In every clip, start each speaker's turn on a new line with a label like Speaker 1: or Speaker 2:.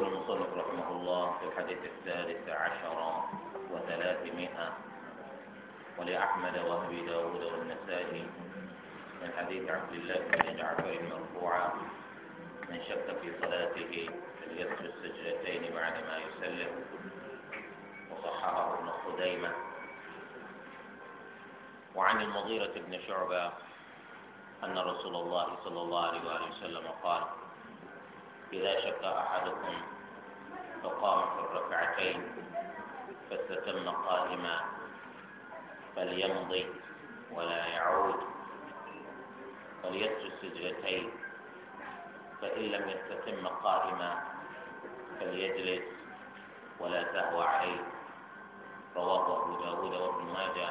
Speaker 1: يقول المصنف رحمه الله في الحديث الثالث عشر وثلاثمائة ولأحمد وأبي داود والنسائي من حديث عبد الله بن جعفر مرفوعا من شك في صلاته فليسجد السجدتين بعد ما يسلم وصححه ابن خديمة وعن المغيرة بن شعبة أن رسول الله صلى الله عليه وآله وسلم قال إذا شك أحدكم فقام في الركعتين فاستتم قائما فليمضي ولا يعود فليسجد سجدتين فإن لم يستتم قائما فليجلس ولا تهوى عليه رواه أبو داود وابن ماجه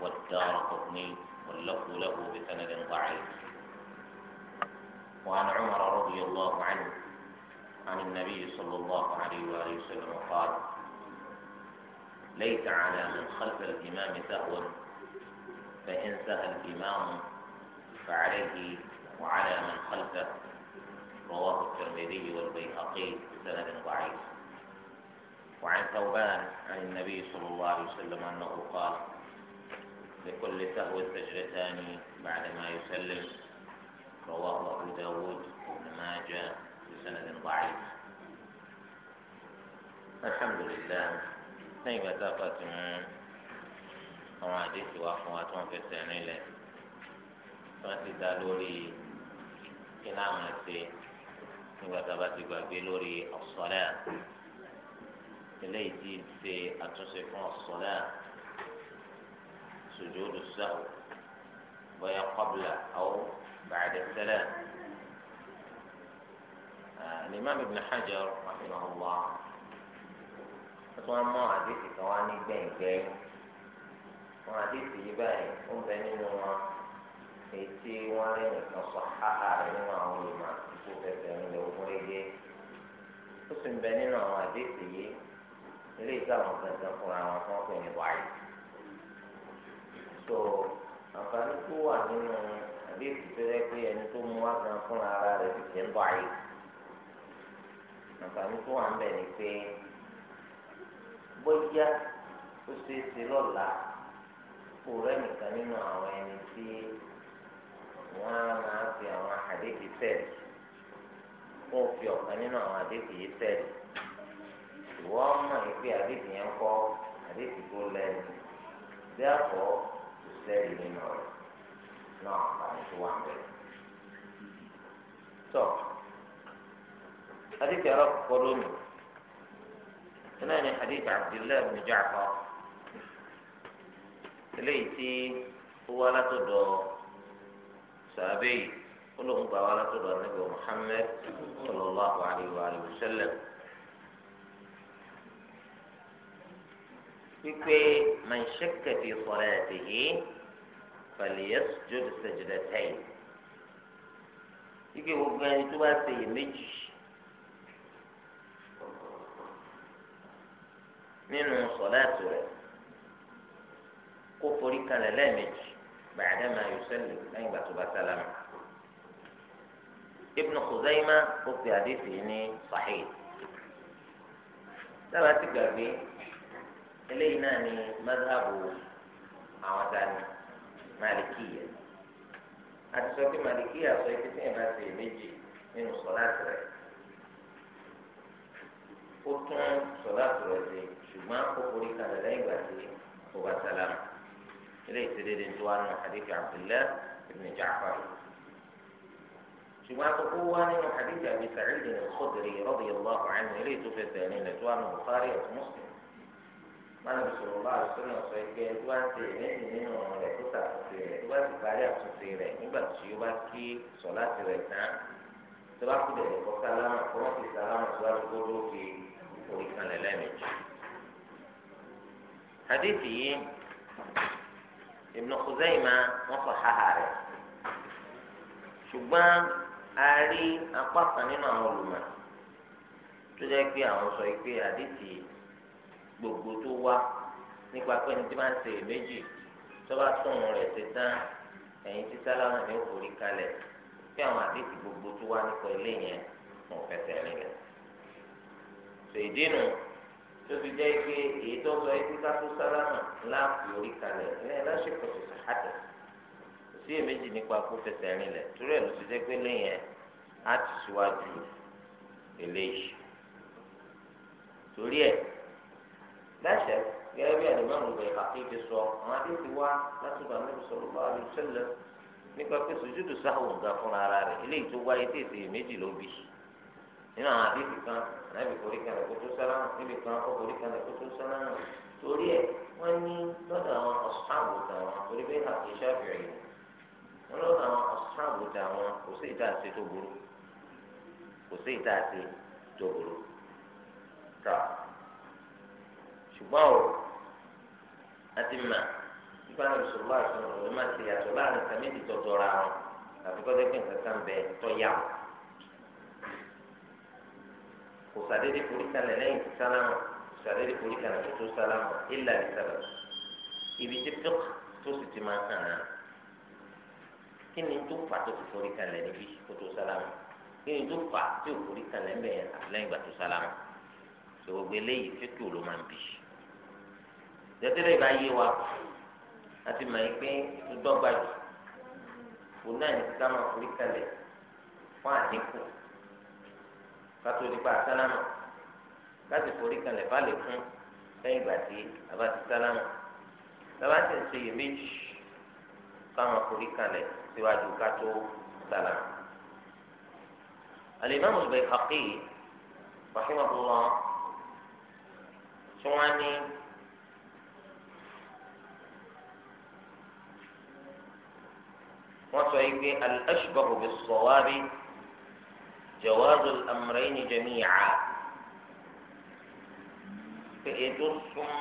Speaker 1: والدار قطني واللفظ له بسند ضعيف وعن عمر رضي الله عنه عن النبي صلى الله عليه وآله وسلم قال ليس على من خلف الإمام سهو فإن سهى الإمام فعليه وعلى من خلفه رواه الترمذي والبيهقي بسند ضعيف وعن ثوبان عن النبي صلى الله عليه وسلم أنه قال لكل سهو سجدتان بعدما يسلم رواه أبو داود وابن ماجه بسند ضعيف الحمد لله نيبا تاقات حواديث وأخوات في السنين فأنتي تالولي كلام نفسي نيبا تاقات بابلولي الصلاة إليه دي في أتوسفون الصلاة سجود السهو ويا قبل أو بعد السلام alimami ibn hajar rahimahullah wọ́n wá mọ àdéhùn kan wá ní gbẹ̀ngbẹ́ wọn àdéhùn yìí báyìí ó ń bẹ nínú wọn ètí wọn lé nìkan sọ háhá rẹ nínú àwọn olùmọ̀ àtúntò fẹsẹ̀ ńlẹ̀ ogun rege ó sì ń bẹ nínú àwọn àdéhùn yìí ilé ìtàwọn gbẹ̀ngàn fúnra wọn fún ọkùnrin ní buhari so àǹfààní tó wà nínú àdéhùn tó yẹ pé ẹni tó mú wá gan fúnra ara rẹ̀ ti tẹ̀ ń buhari àǹfààní tó wà ń bẹ̀ ni pé bóyá ó ṣe é ṣe lọ́la kó rẹ́ nìkan nínú àwọn ẹni tí wọ́n á máa fi àwọn àdéhùn sẹ́ẹ̀lì wọ́n fi ọ̀kan nínú àwọn àdéhùn yìí sẹ́ẹ̀lì wọ́n mọ̀ ní pé àdéhùn yẹn kọ́ àdéhùn tó lẹ́nu bí àpọ̀ kò nínú rẹ̀ náà àǹfààní tó wà ń bẹ̀. tọ́ حديث يا رب قولوني ثاني يعني حديث عبد الله بن جعفر ليتي هو لا تدور سابي كلهم طوالة تدور النبي محمد صلى الله عليه وآله وسلم يكوي من شك في صلاته فليسجد سجدتين يكوي وقعني تبعثي مجش nínú sọ̀láàtì rẹ̀ kó forí kalẹ̀ lẹ́ẹ̀mejì bàdé máa yọ sẹ́lẹ̀ lẹ́yìn ìgbà tó bá sálámà. Ibn Khuzaima ó fi àdéhùn ní sahih. sábà ti gbàgbé eléyìí náà ni madhabu àwọn dání malikiya àti sọ pé malikiya sọ pé tí bá ṣe méjì nínú sọ̀láàtì rẹ̀ ó tún sọ̀láàtì rẹ̀ ṣe. ṣùgbọ́n kò forí kalẹ̀ lẹ́yìn ìgbà tí kò bá sálámù ilé ìṣèdèdè tó wà nínú hadithi abdullahi ibn jaafar ṣùgbọ́n àkókò wà nínú hadithi abi sa'id al-khudri radiyallahu anhu ilé ìtúfẹ́ sẹ́yìn ilẹ̀ tó wà nínú bukhari àti muslim mana bisoro ba sọ̀rọ̀ sọ ẹgbẹ́ tó bá ti lẹ́yìn nínú rẹ̀ tó ṣàtúnṣe rẹ̀ tó bá ti parí àtúnṣe rẹ̀ nígbà tí ó bá kí sọlá ti rẹ̀ tán tó bá kú bẹ̀rẹ̀ kọ sálámà kọ wọn fi sálámà tó bá ti re ti gbodo fi ori kan lẹ lẹ́ẹ̀mejì. hadith yìí Ibn Khuzaimah wọ́n sọ haha rẹ̀ ṣùgbọ́n a rí apá kan nínú àwọn olùmọ̀ tó jẹ́ pé àwọn sọ pé hadith yìí gbogbo tó wá nípa pé ní tí máa ń ṣe èméjì tó bá tún un rẹ̀ ṣe tán ẹ̀yìn tí sálámù ní òkòrí kalẹ̀ pé àwọn hadith gbogbo tó wá nípa ilé yẹn wọn ò fẹsẹ̀ rìn rẹ̀ ṣèdínú. So, tóbi jẹ́ pé èyí tó sọ yìí kíkà tó sálámà láàpù orí kalẹ̀ ní ẹ̀ láṣẹ pẹ̀sẹ̀ sàhátẹ̀ kò sí èméjì nípa kó fẹsẹ̀ rinlẹ̀ torí ẹ̀ ló ti jẹ́ pé lẹ́yìn ẹ̀ á ti síwájú eléyìí torí ẹ̀ láṣẹ gẹ́gẹ́ bí àdìmọ́ àwọn ọ̀gbìn àti ìfi sọ àwọn adé ti wá láti bá níbi sọ̀rọ̀ bá àdìsẹ́lẹ̀ nípa pé sojúdù sáà wò fúnra rẹ̀ eléyìí tó wáyé tètè èméjì ló bí i nínú àwọn àdéhùn kan ànábì forí kalẹ̀ kó tó sálámù níbi kan kó forí kalẹ̀ kó tó sálámù torí ẹ̀ wọ́n ní lọ́dọ̀ àwọn ọ̀sáàbù tàwọn torí bẹ́ẹ̀ àti ìṣàfihàn yìí wọ́n lọ́dọ̀ àwọn ọ̀sáàbù tàwọn kò sí ìta àti tó burú kò sí ìta àti tó burú ta ṣùgbọ́n o àti mà nípa náà sọ̀rọ̀ àti ọ̀rọ̀ ló má ti yàtọ̀ láàrin kàmíìtì tọ̀tọ̀ ra wọn àfikọ́jọ́ pé nǹkan kan bẹ tọ́ yà wọ́n kò sàdédé forí kalẹ̀ lẹ́yìn tó sálámà kò sàdédé forí kalẹ̀ tó tó sálámà ìlà ìsàlẹ̀ ibi tí pẹ́k tó sì ti máa hàn án kí ni tó fà tó fi forí kalẹ̀ níbi kó tó sálámà kí ni tó fà tó forí kalẹ̀ mẹ́ẹ̀ àtìlẹ́yìn gbà tó sálámà sọ̀rọ̀ gbé léyìí fíkì ló máa ń bì jẹ́tẹ́lẹ́ ìbá yé wa àti mọ̀ ẹ́ pé dọ́gba jù kò náà ní ká forí kalẹ̀ fún àdínkù. kátó pa sálámà láti forí kalẹ̀ bá lè fún lẹ́yìn ìgbà tí a bá ti sálámà lọ́wọ́ ti ń ṣeyè méjì méjì meji forí kalẹ̀ síwájú kátó sálámà. الإمام البيهقي رحمه الله سواني وصعيب الأشبه بالصواب جواز الأمرين جميعا فإذن ثم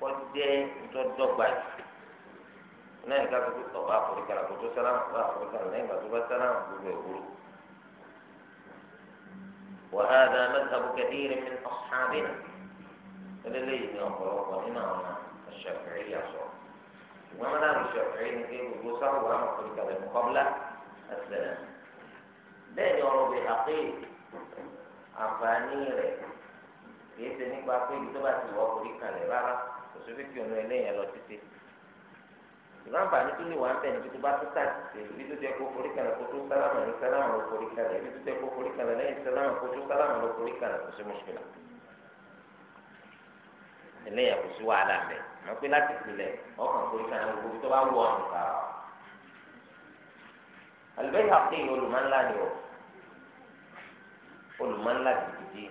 Speaker 1: قد جد بعد نعم كما تقول آخر أخبرك على قدو السلام الله أخبرك على نعم قدو السلام وهذا مذهب كثير من أصحابنا الذي يقول ربنا هنا الشافعي يا شيخ وما نعم الشافعي نجيب الجسر وعمل قبل السلام bẹ́ẹ̀ ni ọ̀rọ̀ bẹ àpé àǹfààní rẹ̀ kìí ṣe nípa pé ibi tó bá ti wọ́ orí kalẹ̀ rárá kò sí fífi ọ̀nà ẹlẹ́yìn lọ títí ìwà àǹfààní tó lè wà ń bẹ̀ níbi tó bá tó tà sí ibi tó jẹ́ kó forí kalẹ̀ kó tó sálámà ní sálámà ló forí kalẹ̀ ibi tó jẹ́ kó forí kalẹ̀ lẹ́yìn sálámà kó tó sálámà ló forí kalẹ̀ kò sí mùṣkílà ẹlẹ́yìn kò sí wàhálà mẹ́ wọ́n pé láti pilẹ̀ ọkàn forí kalẹ̀ gbogbo ni olùmọ̀nlá gidigidi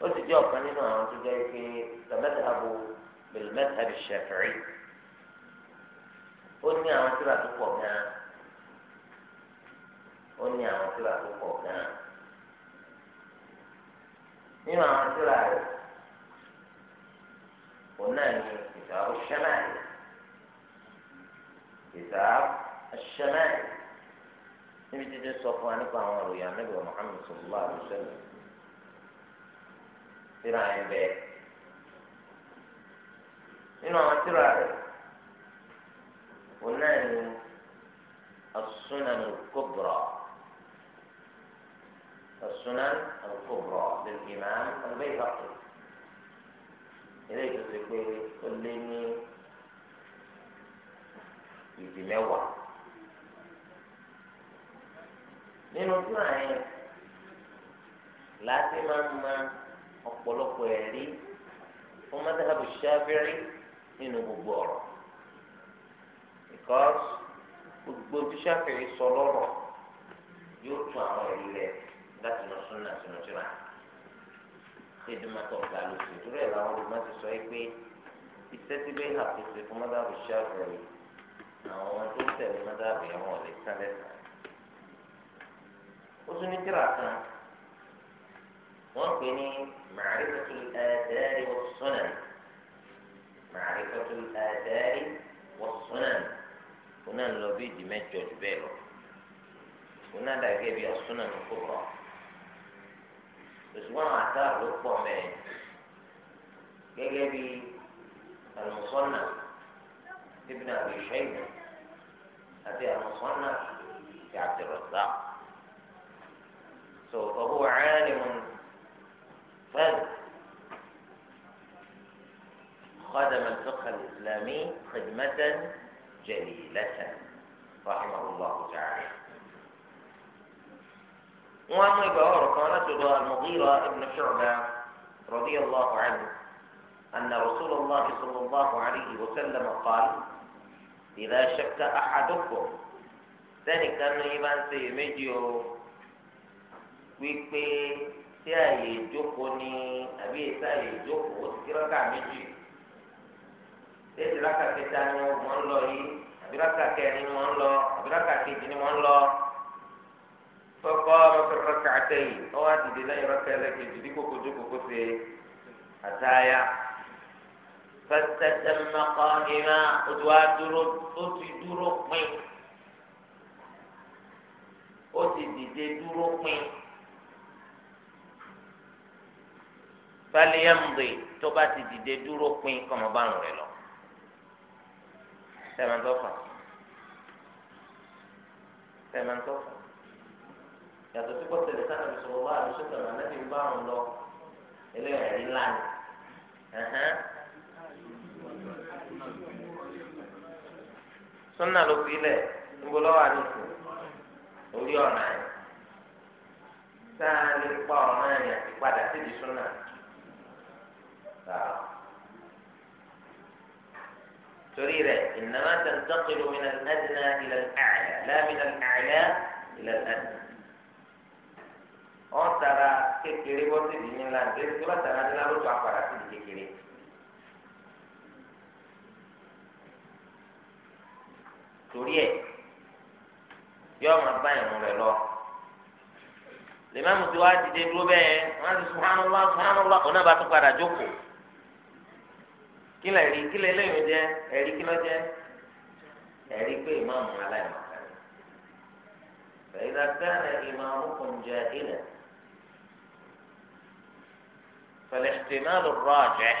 Speaker 1: o ti sì jẹ́ ọ̀kan nínú àwọn tó jẹ́ pé tàbẹ́tàbò bẹ̀lẹ́mẹ́tàbí ṣẹ̀fẹ̀rí ó ní àwọn tíra tó pọ̀ gan-an ó ní àwọn tíra tó pọ̀ gan-an nínú àwọn tíra rẹ̀ òun náà ní àwọn ìtàwọ̀ ṣẹ́máì ìtàwọ̀ ṣẹ́máì. níbi títí sọ fún wa nípa àwọn òròyìn anábì wa Muhammad sallallahu alaihi wasallam síra yẹn bẹ́ẹ̀ nínú àwọn síra rẹ̀ wọn náà ni as-sunan al-kubra as-sunan al-kubra lil-imam al-Bayhaqi eléyìí tó ti pé ó lé ní ìdí mẹ́wàá. nínú fúnra yẹn láti máa ń ma ọ̀pọ̀lọpọ̀ ẹ̀rí fún mọ́tàkàbù ṣáfẹ́rí nínú gbogbo ọ̀rọ̀ because gbogbo tí ṣáfẹ́rí sọ lọ́rọ̀ yóò tún àwọn ẹ̀rí rẹ̀ láti lọ súnà sínú síra ṣèdúmọ́tò ọ̀gá ló ṣe ìdúró ẹ̀ làwọn ti sọ pé iṣẹ́ tí bẹ́ẹ̀ hà fún mọ́tàkàbù ṣáfẹ́rí àwọn tó tẹ̀lé mọ́tàkàbù yẹn lè sálẹ̀ sàn. ó tún ní tíra kan wọ́n pè ní màrífẹ́tù àdáyé wọ́n sọ́nà màrífẹ́tù àdáyé wọ́n sọ́nà kò náà lọ bí ìdí mẹ́jọ jù bẹ́ẹ̀ lọ kò náà dàgẹ́ bí ọ̀sùnà ní kò rọ̀ òṣùwọ̀n àwọn àtàrà ló pọ̀ mẹ́ẹ̀ gẹ́gẹ́ bí àlùmọ́sọ́nà ibùdó àbẹ̀ṣẹ́yìn àti àlùmọ́sọ́nà ti àtẹ̀rọ̀sá. فهو عالم فذ خدم الفقه الإسلامي خدمة جليلة رحمه الله تعالى وأما يبقى كانت المغيرة بن شعبة رضي الله عنه أن رسول الله صلى الله عليه وسلم قال إذا شك أحدكم ذلك أنه يبان سيمجيه wípé tí àyè ìjókòó ni àbí ètò àyè ìjókòó ti kíláka méjì tẹ́tí láka kẹta ni wọ́n ń lọ yìí àbí láka kẹrin ni wọ́n ń lọ àbí láka kejì ni wọ́n ń lọ fọ́kọ́ ọmọkẹ́kọ̀ọ́ kàtẹ́ yìí ọwọ́ àdìdì lẹ́yìn rọ́kẹ́ ẹlẹ́kejì dípò kojú kòkó ṣe àtàyà fẹsẹsẹ mẹkọ ìmá ojú wa dúró tó ti dúró pin ó ti dìde dúró pin. fàlẹ́yàmùdè tó bá ti dìde dúró pin kọ́mọ bá rùn rẹ̀ lọ. sẹ́mẹ̀ntọ́fà sẹ́mẹ̀ntọ́fà yàtọ̀ sí pọ́sẹ̀lẹ̀ sáà ní sọ̀rọ̀ wá àdúgbò sọ̀rọ̀ ànábì ń bá rùn lọ ẹlẹ́yà rí lánàá. sunna ló fi lẹ̀ níbo lọ́wọ́ àdúgbò orí ọ̀nà yẹn sáà lè pa ọ̀nà yẹn àti padà sí ìdí sunna torí rẹ ìnáwó tẹ̀síọ́kìlù mi nà ẹ̀dínà ilẹ̀ àyà láàmìnà àyà ilẹ̀ ẹ̀dínà. wọ́n tara kékeré bọ́ sí ìdí ńlá nígbà tí wọ́n tara ńlá ló tó àpàrà sí ìdí kékeré. torí ẹ yọ ọmọ bá ìrùn rẹ lọ lèmọ́mù tí wàá dìde dúró bẹ́ẹ̀ wọ́n á ti e, subhanallah subhanallah ọ̀nà bá tún padà jókòó. kí lè rí kí lè léyìn jẹ ẹ̀rí kí lọ jẹ ẹ̀rí pé ìmáàmù aláìmọ̀kan fẹ̀yìntà gánà ìmáàmù kùn jẹ ilẹ̀ فالاحتمال الراجح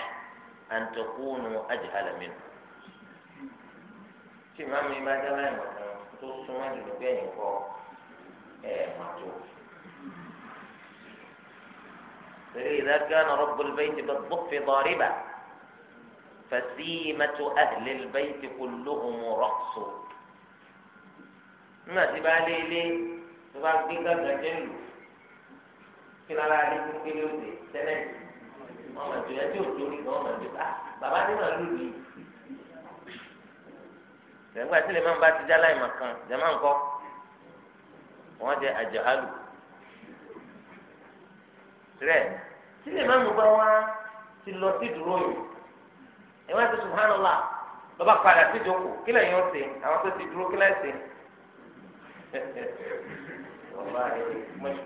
Speaker 1: أن تكونوا أجهل منه tí màá mi bá dá láì màá tó súnmọ́ jùlọ bí ẹ̀yìn kọ ẹ̀ màá tó. فإذا كان رب البيت بالضف ضاربا فسيمة أهل البيت كلهم رقص ما تبالي لي تبالي كذا جلو kila la ni kí kí ló dé tẹ́lẹ̀ wọn mà tó yẹ tí o torí wọn mà tó ah bàbá ni màá lùlù yìí tẹ̀gbà tí lè má ba ti dá láì má kan jàmá ńkọ́ wọn jẹ àjàhálù rẹ tí lè má mú bá wá ti lọ sí dúró yìí ìwọ́n ti subhanallah lọ́ba padà sí ìjókòó kí lẹ́yìn ó ṣe àwọn tó ti dúró kí lẹ́yìn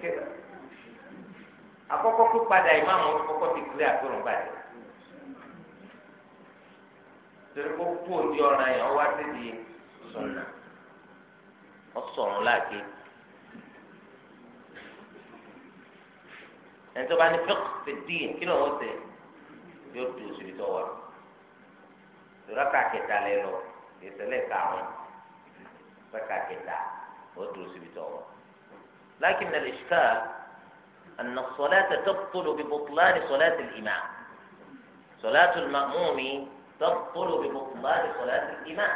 Speaker 1: ṣe. àkọ́kọ́ pípadà ìmáàmù kọ́kọ́ ti kílẹ̀ àtọ́rùngbà yìí torí kó kú òdi ọ̀ràn yẹn ọwọ́ àti di sùnà ọ̀sọ̀rùn láàgé. ẹni tó bá ní fẹ́ẹ́ fi dín kí lóun ó ṣe yóò tó oṣù tó wà sọ̀rọ̀ kàkẹ́ta lẹ lọ ìṣẹ̀lẹ̀ kàrún sọ̀rọ̀ kàkẹ́ta ó dúró síbi tọ̀wọ̀. لكن الإشكال أن الصلاة تبطل ببطلان صلاة الإمام صلاة المأموم تبطل ببطلان صلاة الإمام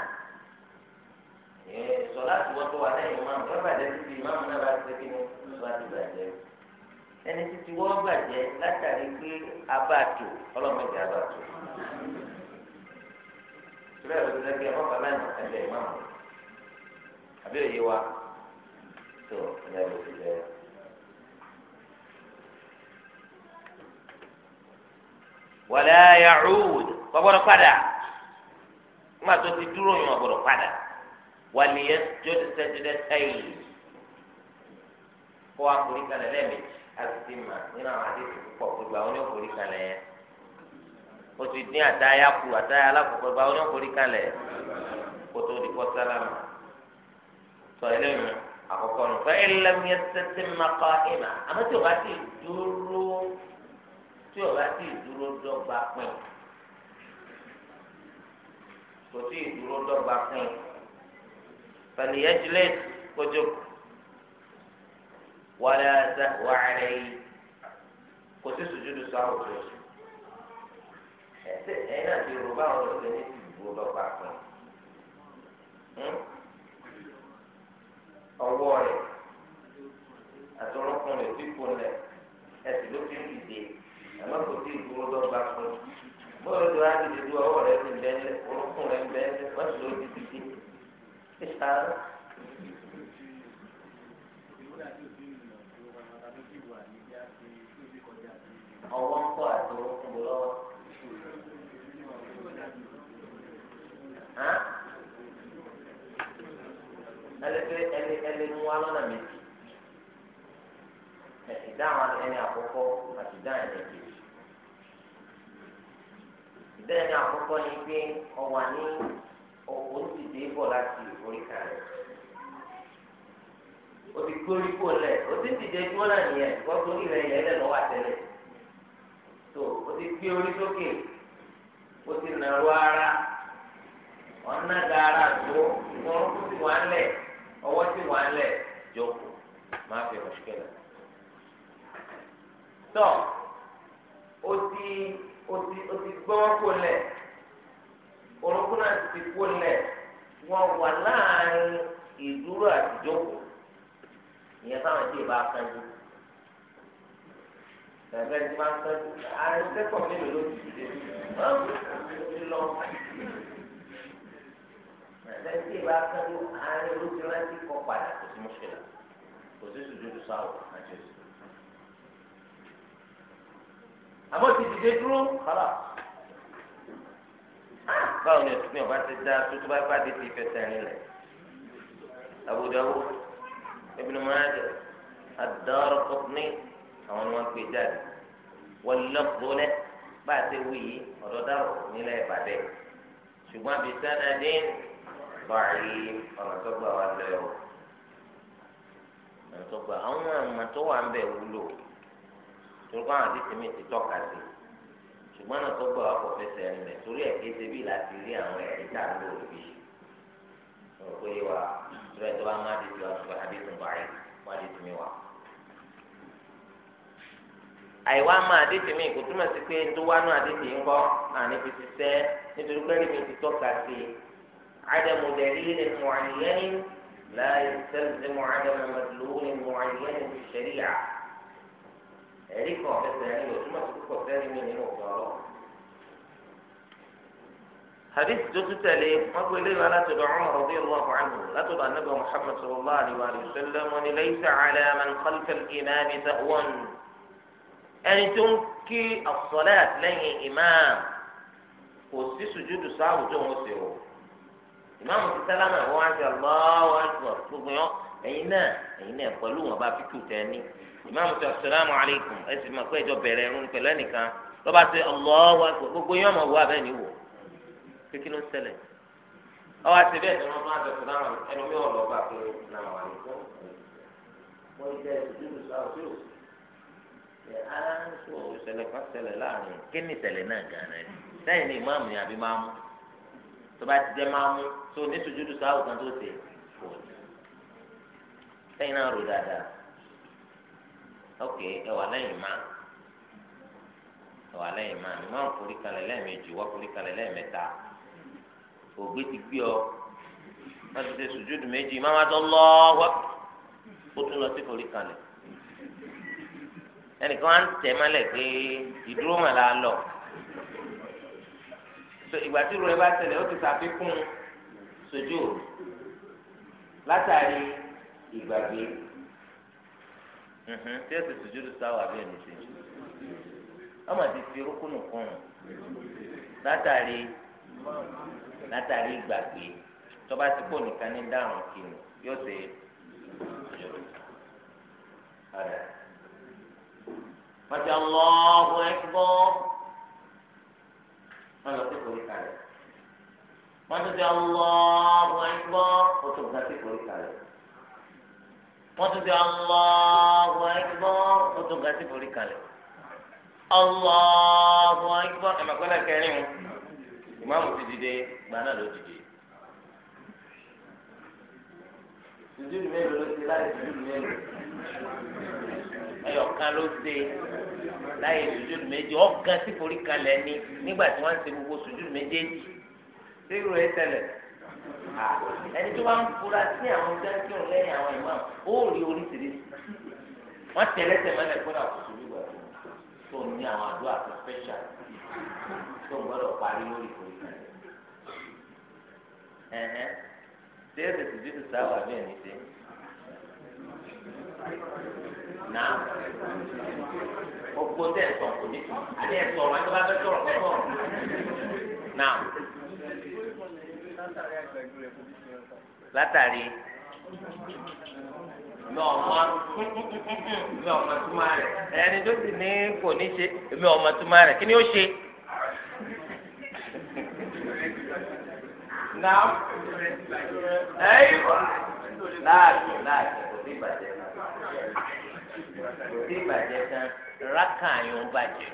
Speaker 1: sọláàtì wọ́tọ̀ wà lẹ́yìn máa ń bàjẹ́ títí máa ń náà bá ti kí ni wọ́n ti bàjẹ́ ẹni títí wọ́n bàjẹ́ látàrí pé abáàtò ọlọ́mọdé abáàtò síbẹ̀ ló ti dẹ́gbẹ́ wọn kà láì máa tẹ̀lé ìmọ̀ àwọn àbí òye wa tó ẹ̀yà ló ti dẹ́. wàlẹ́ ayà ọ̀hún gbọ́dọ̀ padà nígbà tó ti dúró yàn gbọ́dọ̀ padà wàlẹ́ yẹn tó ti sẹ́jọ́dẹ́ ẹ̀yìn kó wa kórìkàlẹ̀ lẹ́ẹ̀mejì a ti nínú àwọn àdéhùn púpọ̀ gbogbo àwọn oníkórìkàlẹ̀ yẹn o ti dín àtayá kù àtayá alákòókò ìgbà oyún kò rí kalẹ̀ kótó di kọ́ sálámù sọ eléyìí àkọ́kọ́ nù fẹ́ ẹlẹ́mi ẹsẹ̀ tí ma àmọ́ tí o bá ti dúró tí o bá ti dúró dọ́gba pín kò tí ì dúró dọ́gba pín fẹ̀lẹ́ yẹn jìlẹ̀ wàlẹ́ ẹsẹ̀ wàlẹ́ yìí kò sí sùjúdù sáwọ́ ẹsẹ̀ ẹ̀yin náà ti rò báwọn ọ̀sẹ̀ ní ti dúró lọ́pọ̀ àpọ̀ hmm? ọwọ́ rẹ̀ àtọ́rọ́kùn rẹ̀ ti kò lẹ̀ ẹsẹ̀ ló ti dìde àmọ́ kò tí ì dúró lọ́pọ̀ àpọ̀ bọ́ọ̀lù tó wá ti dìde ọwọ́ rẹ̀ ti bẹ́ẹ̀ lẹ̀ orúkún rẹ̀ ń bẹ́ẹ̀ lẹ̀ wọ́n ti lọ ti dìde ìsàlù. ọwọ́ ń kọ́ àtọ́rọ́kùn lọ́wọ́. ẹlẹgbẹ ẹlẹ ẹlẹ mú alọnà méjì ìdáhùn ẹni àkọ́kọ́ àti ìdáhùn ẹni kejì ìdáhùn ẹni àkọ́kọ́ ni pé ọwà ní ọkọ ti dé bọ̀ láti orí kàrẹ o ti gbórí kó lẹ o ti ti dé tó náà nìyẹn wọ́n torí rẹ yẹn lẹ lọ́wọ́ àtẹlẹ tó o ti gbé orí sókè o ti nà ru ara wọn ná gaara tó ìfọwọ́rọ́kú ti wà lẹ̀ ọwọ́ ti wà lẹ̀ jókòó máa fi mọ̀ṣúkẹ́ lọ. tọ́ o ti o ti o ti gbọ́wọ́ kó lẹ̀ orúkú náà ti ti kó lẹ̀ wọ́n wà láàrin ìdúró àti jókòó ìyẹn táwọn tí ì bá kánjú tẹ̀lé tí wọ́n kánjú àrùn kẹ́kọ̀ọ́ mélòó ló ti dìde wọ́n ti lọ ẹ̀sẹ̀ tí ìwà kájú àárín olóṣèlú láti kọ́ padà kò sí mọ́ṣẹ́lá kò sí sùdúdú sáwọ̀ àti ẹ̀sìn. àbọ̀ ti dìde dúró kọ́lá. báwo ni ẹ̀sìn ọba ti dá tó tó bá pàdé ti rìn lẹ̀ àbùdáwò Ibn Majah ad-Daraqutni àwọn ni wọ́n gbé jáde wọ́n lọ́gbọ́n lẹ́ bá a ti wí yìí ọ̀dọ́ dárò nílẹ̀ ìbàdẹ́ ṣùgbọ́n àbí sanadin ضعيف أما تبقى وأنت يوم أما تبقى أما تبقى أما يقولوا تلقى عن ذي سمية تتوقع ذي ṣùgbọ́n náà tó fẹsẹ̀ torí ẹ̀ bí láti rí àwọn ẹ̀rí tá a lò wà tó bá má di wà. àìwá máa kò túmọ̀ sí pé tó ti sẹ́ nítorí ti tọ́ka عدم دليل معين لا يستلزم عدم مدلول معين في الشريعة ẹ̀ríkọ̀ ọ̀fẹ́sẹ̀rẹ́ ló túmọ̀ sí kọ̀ sẹ́ni mi nínú ọ̀gá ọlọ́run. حديث جثة لي لي ولا عمر رضي الله عنه لا تبع النبي محمد صلى الله عليه وآله وسلم وني ليس على من خلف الإمام تأوى أن تنكي الصلاة لين إمام وسي سجود ساو جون ìmáàmù ti sálámà wọn á ṣe ọlọ́wọ́ àtúwọ̀ gbogbo yẹn ẹ̀yin náà ẹ̀yin náà pẹ̀lú wọn bá fíkù tẹ̀ ní ìmáàmù ti assalamu alaikum ẹ sì mọ̀ pé ìjọ bẹ̀rẹ̀ ẹ̀rún pẹ̀lú ẹnìkan lọ́ba ṣe ọlọ́wọ́ àtúwọ̀ gbogbo yẹn ọmọ wọ abẹ́ níwò pé kí ló ń ṣẹlẹ̀ ọwọ́ àti bẹ́ẹ̀ ni wọ́n máa bẹ̀ sálámà ẹnu mi ò lọ́ba pé náà wà ní fún wọn ìjẹ́ ìdúró sáà sí ah, òsì kí ni ìṣẹ̀lẹ̀ náà gan-an rẹ̀ sẹ́yìn ni ìmáàmù tó bá ti jẹ máa mú tó ní sùjúdù sáwù kan tó ṣe kò ní. sẹ́yìn náà rò dáadáa ok ẹ wà lẹ́yìn máa ẹ wà lẹ́yìn máa ni máa ń forí kalẹ̀ lẹ́ẹ̀mejì wọ́n forí kalẹ̀ lẹ́ẹ̀mẹ́ta ògbé ti gbé ọ wọ́n ti ṣe sùjúdù méjì máa wá tó lọ́wọ́ ó tún lọ sí forí kalẹ̀ ẹnìkan á ń tẹ̀ mọ́lẹ̀ pé ìdúró mà la lọ ìgbà tí ìrora bá tẹ̀lé ó ti ṣàfikún sojú látàrí ìgbàgbé mhm. tí ó sì sojú ló sáwà bí ẹni ṣe ọmọ ti fi rúkúnù kún látàrí látàrí ìgbàgbé tọ́ba ti pò nìkan ní dáhùn kìnnì yóò ṣe wọ́n ti Allahu Akbar wọn lọ sí forí kalẹ̀ wọn tún ti ọlọ́ọ̀bù ẹgbọ́ o tún ga sí forí kalẹ̀ wọn tún ti ọlọ́ọ̀bù ẹgbọ́ o tún ga sí forí kalẹ̀ ọlọ́ọ̀bù ẹgbọ́ ẹ̀mọ̀kọ́lá kẹrin o ìmáàmù ti dìde gbaná ló dìde. Ìdí mi ló ti láì ìdí mi ẹyọkan ló ṣe láyé sùjúdù méjì ọ̀kan sì forí kalẹ̀ ni nígbà tí wọ́n ń ṣe gbogbo sùjúdù méjèèjì ṣé irú rẹ̀ tẹ̀lẹ̀ ẹni tó bá ń fura sí àwọn sẹ́ńtìrì lẹ́yìn àwọn ìmọ̀ ó rí oríṣiríṣi wọ́n tẹ̀lé tẹ̀lé mẹ́lẹ̀ kó dàkú sùjúdù wẹ̀ tó ní àwọn àdúrà tó special tó gbọ́dọ̀ parí lórí forí kalẹ̀ ẹ̀hẹ́n ṣé ẹ̀sẹ̀ sùjúdù sáwà bẹ́ẹ̀ ní ṣe náà gbogbo tẹ̀ sọ̀ kò ní kàn àti ẹ̀ sọ̀rọ̀ ẹ̀ bá fẹ́ sọ̀rọ̀ fẹ́ sọ̀rọ̀ náà látàrí mi ọmọ mi ọmọ túmọ̀ rẹ̀ ẹni tó sì ní kò ní ṣe mi ọmọ túmọ̀ rẹ̀ kí ni ó ṣe. náà ẹ̀yìn wá láàbì láàbì kò sí ìbàjẹ́ náà kò sí ìbàjẹ́ tán rákà yẹn bàjẹ́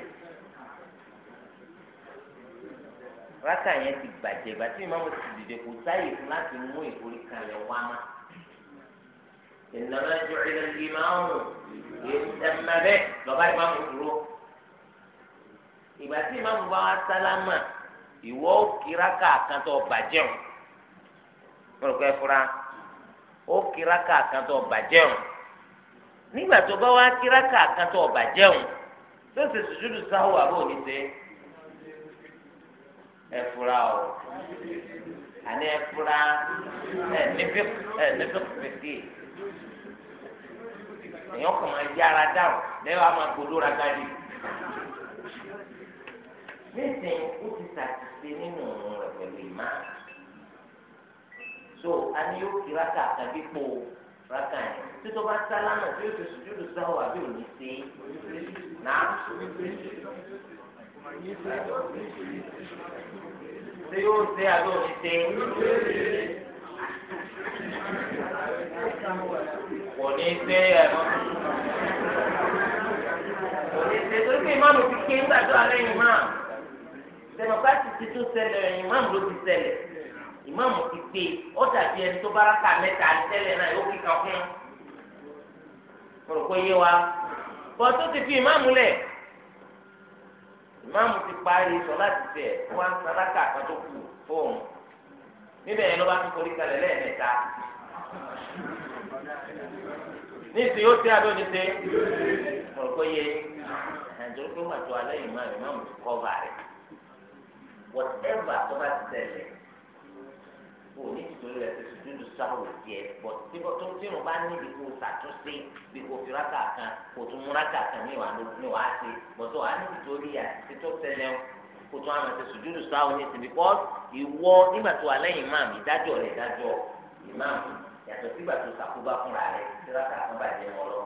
Speaker 1: rákà yẹn ti bàjẹ́ bàtí ìmọ̀ ti dìde kò sáyè fún láti mú ìforí kalẹ̀ wá má. ìnáwó ẹjọ́ ilẹ̀ ìlú máa ń mú ẹ̀mà bẹ́ẹ̀ lọ́ba ìmọ̀ mú dúró. ìgbà tí ìmọ̀ mú bá wá sálámà ìwọ ó kí rákà kan tó bàjẹ́ o. mo rò pé fúra ó kí rákà kan tó bàjẹ́ o nígbà tó bá wá kíráka kan tó ọba jẹun tó ṣe sùjúdù sáwọ àbò ní ṣe ẹ fura o àní ẹ fura ẹ nífẹ ẹ nífẹ pèsè èèyàn kò máa yára dáhùn lẹ́wọ̀n á máa gbódúra gáàdì nísìnyí ó ti ṣàtìṣe nínú ọ̀rọ̀ pẹ̀lú ìmáà so àní yóò kíráka kan dípò rákà yẹn títí o bá sálámà tí yóò tẹ̀sùn yóò tẹ̀sùn àwọn àbí òní sí i náà ṣé yóò ṣe àbí òní sí i kò ní ṣe ẹ̀rọ kò ní ṣe torí pé ìmáàmù ti ké ńgbàdo alẹ́ yìí máa tẹ̀mọ̀pá ti ti tó ṣẹlẹ̀ ló ti ṣẹlẹ̀ ìmáàmù ti gbé ó dàbí ẹni tó bá rákà mẹ́ta tẹ́lẹ̀ náà yóò kíkà fún un kọ̀rọ̀ kó yé wa bọ́ tó ti fi ìmáàmù lẹ̀ ìmáàmù ti parí sọ láti tẹ̀ wá ń sálákà kan tó kù fóun níbẹ̀ yẹn ló bá tún forí kalẹ̀ lẹ́ẹ̀mẹ́ta nísìnyí ó ti àdó ní ṣe kọ̀rọ̀ yé nàìjíríà tó wà tó alẹ́ ìmáàmù ìmáàmù ti kọ́ bàrẹ̀ whatever tó bá ti tẹ̀lé o ní tìtorí rẹ̀ ti sùdúdù sáwò jẹ bọ̀ tó tí mo bá níbi kó ṣàtúnṣe bí kò fi rákà kan kò tún mú rákà kan ní wàá ní wàá ṣe bọ̀ tó wàá níbi torí àti tó tẹ̀lé o kò tún àwọn ti sùdúdù sáwò ní tìbí kọ́ ìwọ nígbà tó wà lẹ́yìn máa mi dájọ́ rẹ̀ dájọ́ ìmáàmù yàtọ̀ sígbà tó ṣàkóbá fúnra rẹ̀ tí rákà kan bàjẹ́ wọn lọ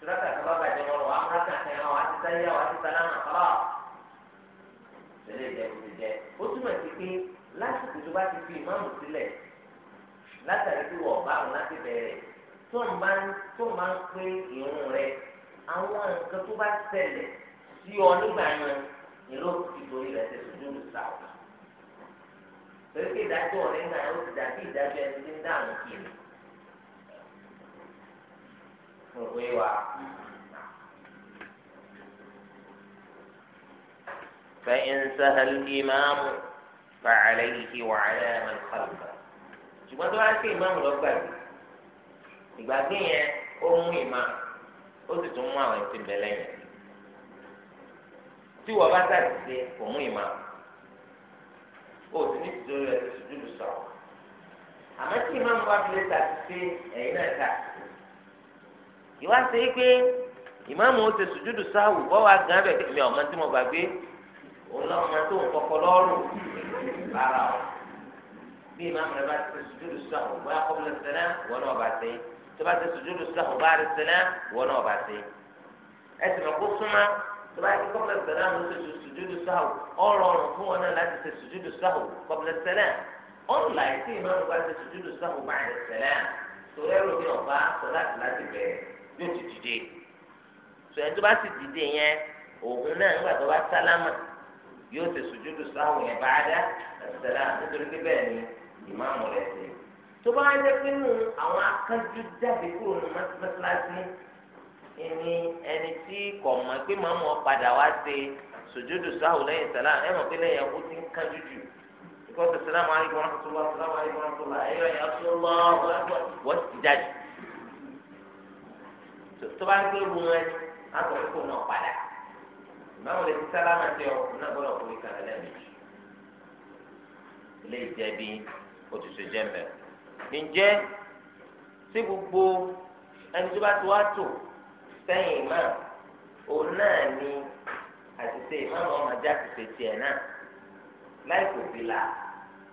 Speaker 1: tí rákà kan bá bàjẹ́ wọn lọ wàá mú rákà kan yẹn wàá ti sáyé wàá ti sálámà kọ́lá lásìkò tó bá ti fi ìmáàmù sílẹ̀ látàrí pé wọ́n bá òun láti bẹ̀rẹ̀ tó máa ń tó máa ń pé ìrun rẹ̀ àwọn nǹkan tó bá ṣẹlẹ̀ sí ọ nígbà yẹn ni ló ti torí rẹ̀ ṣe sùdúrù sàwọn. pẹ̀lú pé ìdájọ́ ọ̀rẹ́ náà ó ti dàbí ìdájọ́ ẹni tí ń dáhùn kiri. mo pè wá. فإن سهل الإمام فعليه وعلى من خلفه ṣùgbọ́n tó wá sí ìmáàmù lọ́gbàgbé ìgbàgbé yẹn ó mú ìmá ó sì tún mú àwọn ẹtì ń bẹ lẹ́yìn tí wọ́n bá sàtìsẹ́ kò mú ìmá ó sì ní ìtòrí ẹ̀ sùdúrù sọ̀rọ̀ àmọ́ tí ìmáàmù bá fi lè sàtìsẹ́ ẹ̀yìn náà ta ìwá ṣe é pé ìmáàmù ó ti sùdúrù sáwù bọ́ wa gan rárá o bí ìmáàmù rẹ bá ti sùjúdù sahù bóyá kọ́bùlù sẹ́nà wọ́n náà bá ṣe tó bá ti sùjúdù sahù bá rí sẹ́nà wọ́n náà bá ṣe ẹ sì mọ̀ kó súnmọ́ tó bá ti kọ́bùlù sẹ́nà ló ṣe sùjúdù sahù ọ̀rọ̀ fún wọn náà láti ṣe sùjúdù sahù kọ́bùlù sẹ́nà ọ̀nlá ìsì ìmáàmù bá ti sùjúdù sahù bá rí sẹ́nà torí mi ọ̀bá sọ láti láti bẹ̀rẹ̀ yóò ti dìde sọ̀rọ̀ tó bá ti dìde yẹn òun náà nígbà tó bá sálámà yóò ṣe sùjúdù sáwọn yẹn báadá ẹsẹlá nítorí pé bẹ́ẹ̀ ni ìmáàmù rẹ̀ ṣe. tó bá ń jẹ́ pé nù àwọn akánjú jáde kúrò ní mọ́tíláṣí ni ẹni tí kò mọ̀ pé màmú ọ̀padà wá ṣe sùjúdù sáwọn lẹ́yìn ẹsẹlá ẹ mọ̀ pé lẹ́yìn ẹ̀kú ti ń kánjú jù. ìkọ́sọ̀ sẹ́lámù alaykum wa rahmatullahi sẹ́lámù alaykum wa rahmatullahi ẹ̀yọ́ ẹ̀yọ́ sọ́lọ́ọ̀ wọ́n ti jáde. tó bá ń gbé ru wọn á sọ pé kò náà padà ìmáwò lè ti sálámà tẹ ọ náà gbọ́dọ̀ forí kan lẹ́ẹ̀mejì ilé ìjẹbi òtútù jẹmẹ ǹjẹ́ sí gbogbo ẹni tó bá ti wá tò sẹ́yìn ìmáà òun náà ni àtìsẹ ìmáà ọmọ ajá àtìsẹ tiẹ̀ náà láì kò fi là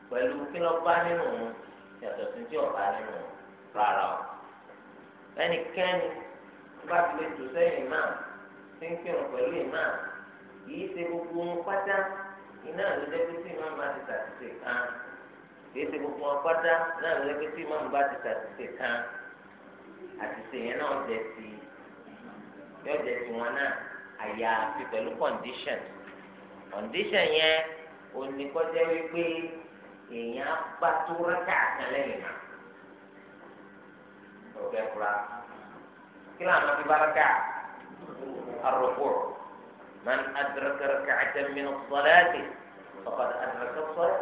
Speaker 1: pẹ̀lú kí lọ bá nínú òun yàtọ̀ sí tí ọba nínú rárá o ẹnikẹ́ni tó bá ti lè tò sẹ́yìn ìmáà tí ń kírun pẹ̀lú ìmáà kìí ṣe gbogbo wọn pátá iná ló jẹ́ pé tí ìmáàmù bá ti tàṣìṣe kan kìí ṣe gbogbo wọn pátá iná ló jẹ́ pé tí ìmáàmù bá ti tàṣìṣe kan àṣìṣe yẹn náà jẹ ti yọ jẹ ti wọn náà àyàfi pẹ̀lú condition condition yẹn oníkọ́jẹ́ wípé èèyàn bá tó rákà kan lẹ́yìn náà ọ̀bẹ kura kí lóun àti bá rákà arọ́pọ̀. من أدرك ركعة من الصلاة فقد أدرك الصلاة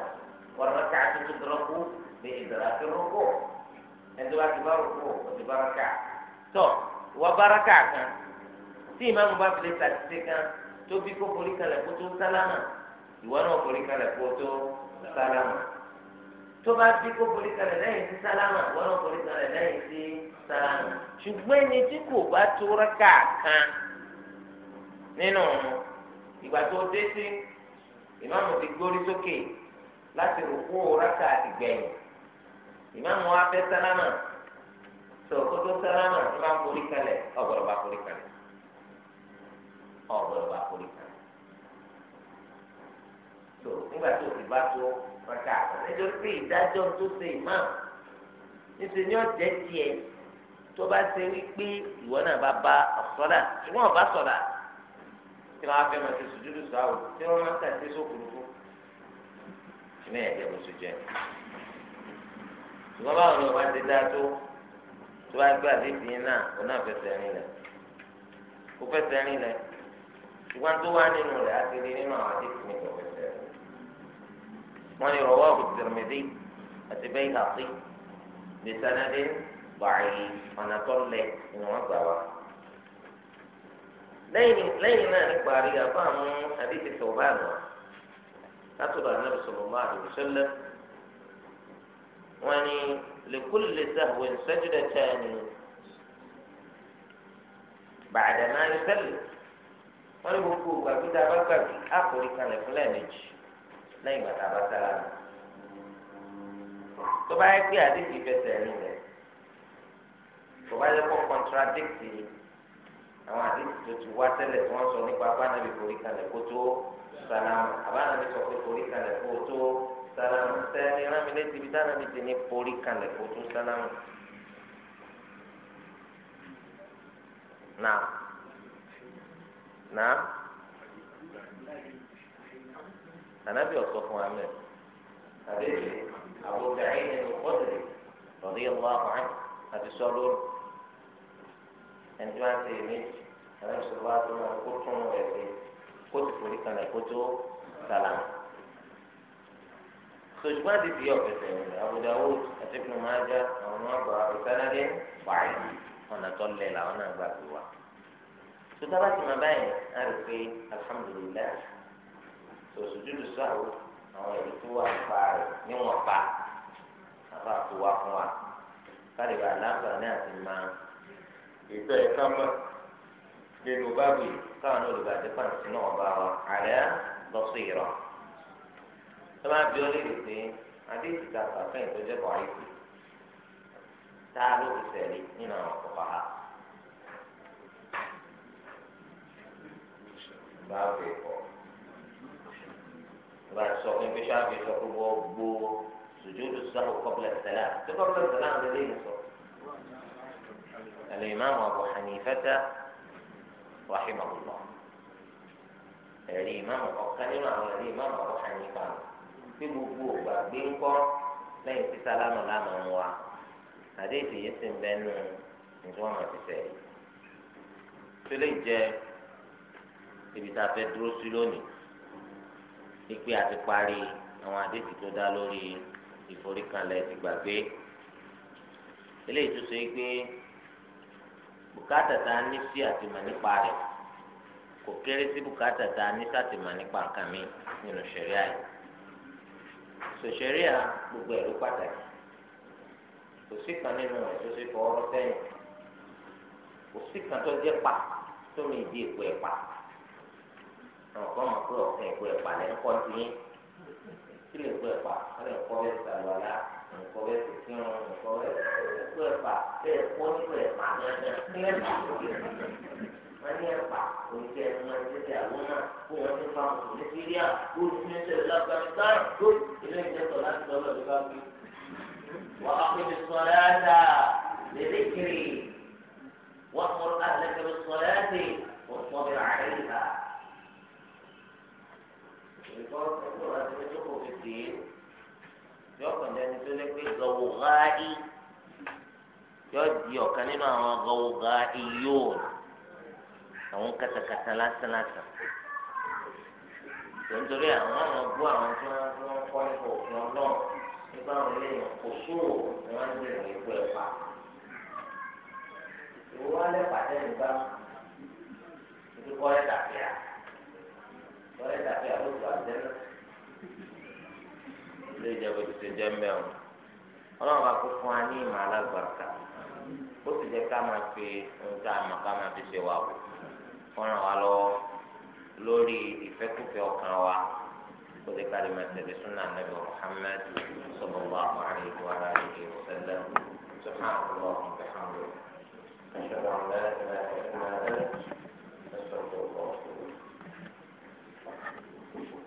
Speaker 1: والركعة تدرك بإدراك الركوع ẹnìtọ́ bá ti bá rúkú òtí báraka tọ́ wọ́n báraka kan tí ìmáàmù bá fi lè tàtìsí kan tó bí kó forí kalẹ̀ kó tó sálámà ìwọ náà forí kalẹ̀ kó tó sálámà tó bá bí kó forí kalẹ̀ lẹ́yìn sí sálámà ìwọ náà forí kalẹ̀ lẹ́yìn sí sálámà ṣùgbọ́n ẹni tí kò bá tó raka kan nínú ìgbà tó dé sí ìmáàmù ti gbórí sókè láti rúkú rákà àtìgbẹ̀yìn ìmáàmù wa fẹ́ sálámà sọ̀kótó sálámà tó bá ń forí kalẹ̀ ọ̀gbọ̀dọ̀ bá forí kalẹ̀ ọ̀gbọ̀dọ̀ bá forí kalẹ̀ tó nígbà tó ti bá tó rákà nítorí pé ìdájọ́ tó ṣe ìmáàmù níṣẹ́ ni ọ̀jẹ̀ tiẹ̀ tó bá ṣe wípé ìwọ náà bá bá ọ̀sọ́dà ṣùgbọ́n ọ̀bá sọ̀dà tí wọ́n fẹ́ máa ṣe sùjúdù sáwò tí wọ́n máa ń tà sí sókùrùkù ìmọ̀ ẹ̀jẹ̀ bó ṣe jẹ́ ṣùgbọ́n báwọn ló wá ti dá tó tó wá gbà dídì náà ó náà fẹsẹ̀ rìn lẹ̀ ó fẹsẹ̀ rìn lẹ̀ ṣùgbọ́n tó wá nínú rẹ̀ á ti rí nínú àwọn àdéhùn mi kò fẹsẹ̀ rìn wọ́n ní rọwọ́ Tirmidhi àti Bayhaqi bi sanadin bàyì ọ̀nà tó lẹ̀ ni gbà wá lẹ́yìn lẹ́yìn náà nípa àríyá fún àwọn àdìsí sọ̀báàmù wa látọ̀dọ̀ ànábì sọ̀rọ̀mọ́ àdìsọ́lẹ̀ wọn ni lèkúlù lè sàwé sẹ́júdẹ̀ tẹ́ni bàdà náà yóò sẹ́lẹ̀ wọn ni gbogbo gbàgbé tá a bá gbàgbé àkórí kalẹ̀ fún lẹ́ẹ̀mejì lẹ́yìn bàtà bá sára tó bá yẹ pé àdìsí fẹsẹ̀ rìn rẹ̀ tó bá yẹ kó kọ́ntradíkì àwọn àdéhùn tó ti wá tẹ́lẹ̀ tí wọ́n sọ nípa abánabi forí kalẹ̀ kó tó sálámù abánabi sọ pé forí kalẹ̀ kó tó sálámù sẹ́ni rámi létí ibi tánabi ti ní forí kalẹ̀ kó tó sálámù. Naam. Naam. Ànábì ọ̀sọ̀ fún amẹ. Àbẹ̀bẹ̀ àbúrò ẹ̀yìn ẹ̀rọ kọ́sìrì rọ̀dí ọ̀gbọ́n àkọ́rẹ́ àti sọ́ọ́lọ́rù ẹni tí wọ́n ti rí méjì ẹni tí wọ́n ti máa kó tún rẹ̀ kó ti forí kan lẹ̀ tó sàlámù. sojúmọ́ di ọ̀fẹ́ sẹ́yìn rẹ̀ Abu Dawud àti Ibn Majah àwọn ọmọ àgbà ìsánadé wáyé ọ̀nà tó lẹ̀ làwọn náà gbà pé wá. sotá bá ti máa báyìí á rí pé alhamdulilayi sòsòjúlù sọ̀rọ̀ àwọn ẹ̀rí tó wà nípa rẹ̀ níwọ̀n pa àbá àkówá fún wa káàdì bá aláǹfààní àti máa ètò ẹ̀ka mọ̀ nínú báàbù yìí káwọn olùbàdàn pàǹtí náà bá wa àlẹ́ lọ́sọ̀ ìrọ̀ tó máa bí ó lè rè pé àdéhùn ìta àfẹ́ ìtọ́jẹ́ bọ̀ àìsí tá a ló fi sẹ̀rí nínú àwọn ọ̀pọ̀ ha. báàbù ìkọ̀ ìgbà sọ fún ibi sáà fi sọ fún gbogbo sùjúdù sáà kọ́bílẹ̀ sẹ́lá tó kọ́bílẹ̀ sẹ́lá ń lé lẹ́yìn sọ̀rọ̀. الإمام أبو حنيفة رحمه الله الإمام أبو إمام الإمام أبو حنيفة في بوبو بينكو لا يتسلم لا من هذه في اسم بين نجوم في سلي جاء ibi tá a fẹ́ dúró sí lónìí ni pé a ti parí àwọn àdéhùn tó dá lórí ìforíkanlẹ̀ ti eléyìí tó ṣe é pé bukata ta ní sí àtìmọ̀ nípa rẹ̀ kò kéré sí bùkátà tá ní sátìmọ̀ nípa nǹkan mi nínú ṣẹ̀ríà yìí gbogbo ẹ̀rú pàtàkì kò sí kan nínú rẹ̀ tó ṣe fọwọ́rọ́ sẹ́yìn kò sí kan tó jẹ́ pa tó mi di èpo ẹ̀ pa ọ̀kọ́ mọ̀ pé ọ̀kan èpo ẹ̀ pa lẹ́ kọ́ sí yín kí lè èpo ẹ̀ pa wọ́n lè kọ́ nǹkan bẹ́ẹ̀ kò kí wọn nǹkan bẹ́ẹ̀ kó ẹ̀fà bẹ́ẹ̀ kó nínú ẹ̀fà wọ́n ní ẹ̀fà oníṣẹ́ ẹ̀fà máa ń tẹ́tẹ́ àwọn náà kó wọ́n ti fa mùsùlùmí ní síríà kó o ti ní sẹ́lẹ̀ lágbàdúrà tó ilé ìjọsọ̀ láti lọ́lọ́ ló bá gbé. wà á pè ní sọ̀rẹ́dà lèdè kiri wọ́n mú àlẹ́kẹ̀rẹ́ sọ̀rẹ́dì wọ́n sọ bí àárín yọ kàn jẹ́ ní tó lé pé gọ̀wọ̀ gáàí yọ di ọ̀kan nínú àwọn gọ̀wọ̀ gáàí yóò àwọn katakata lásán lásán nítorí àwọn àwọn bú àwọn tí wọ́n tí wọ́n kọ́ nípa òfin ọlọ́run nípa àwọn eléyìí kò sóò ni wọ́n ń bẹ̀rẹ̀ ìwé ẹ̀fà ìwọ alẹ́ pàdé nígbà ìdíkọ́ ẹ̀dàfíà ìdíkọ́ ẹ̀dàfíà ló gbà jẹ́ náà ilé ìjẹun ti ṣe jẹ́ mẹ́rin ọlọ́run bá kó fún wa ní ìmọ̀ alágbàkà ó sì jẹ́ ká máa fi ohun tá a mọ̀ ká máa fi ṣe wà wò fọ́nrán wa lọ́wọ́ lórí ìfẹ́kùfẹ́ ọkàn wa kó lè ká lè máa tẹ̀lé súnà nàbì Muhammad sallallahu alaihi wa alihi wa sallam subhanahu wa ta'ala ashhadu an la ilaha illa anta astaghfiruka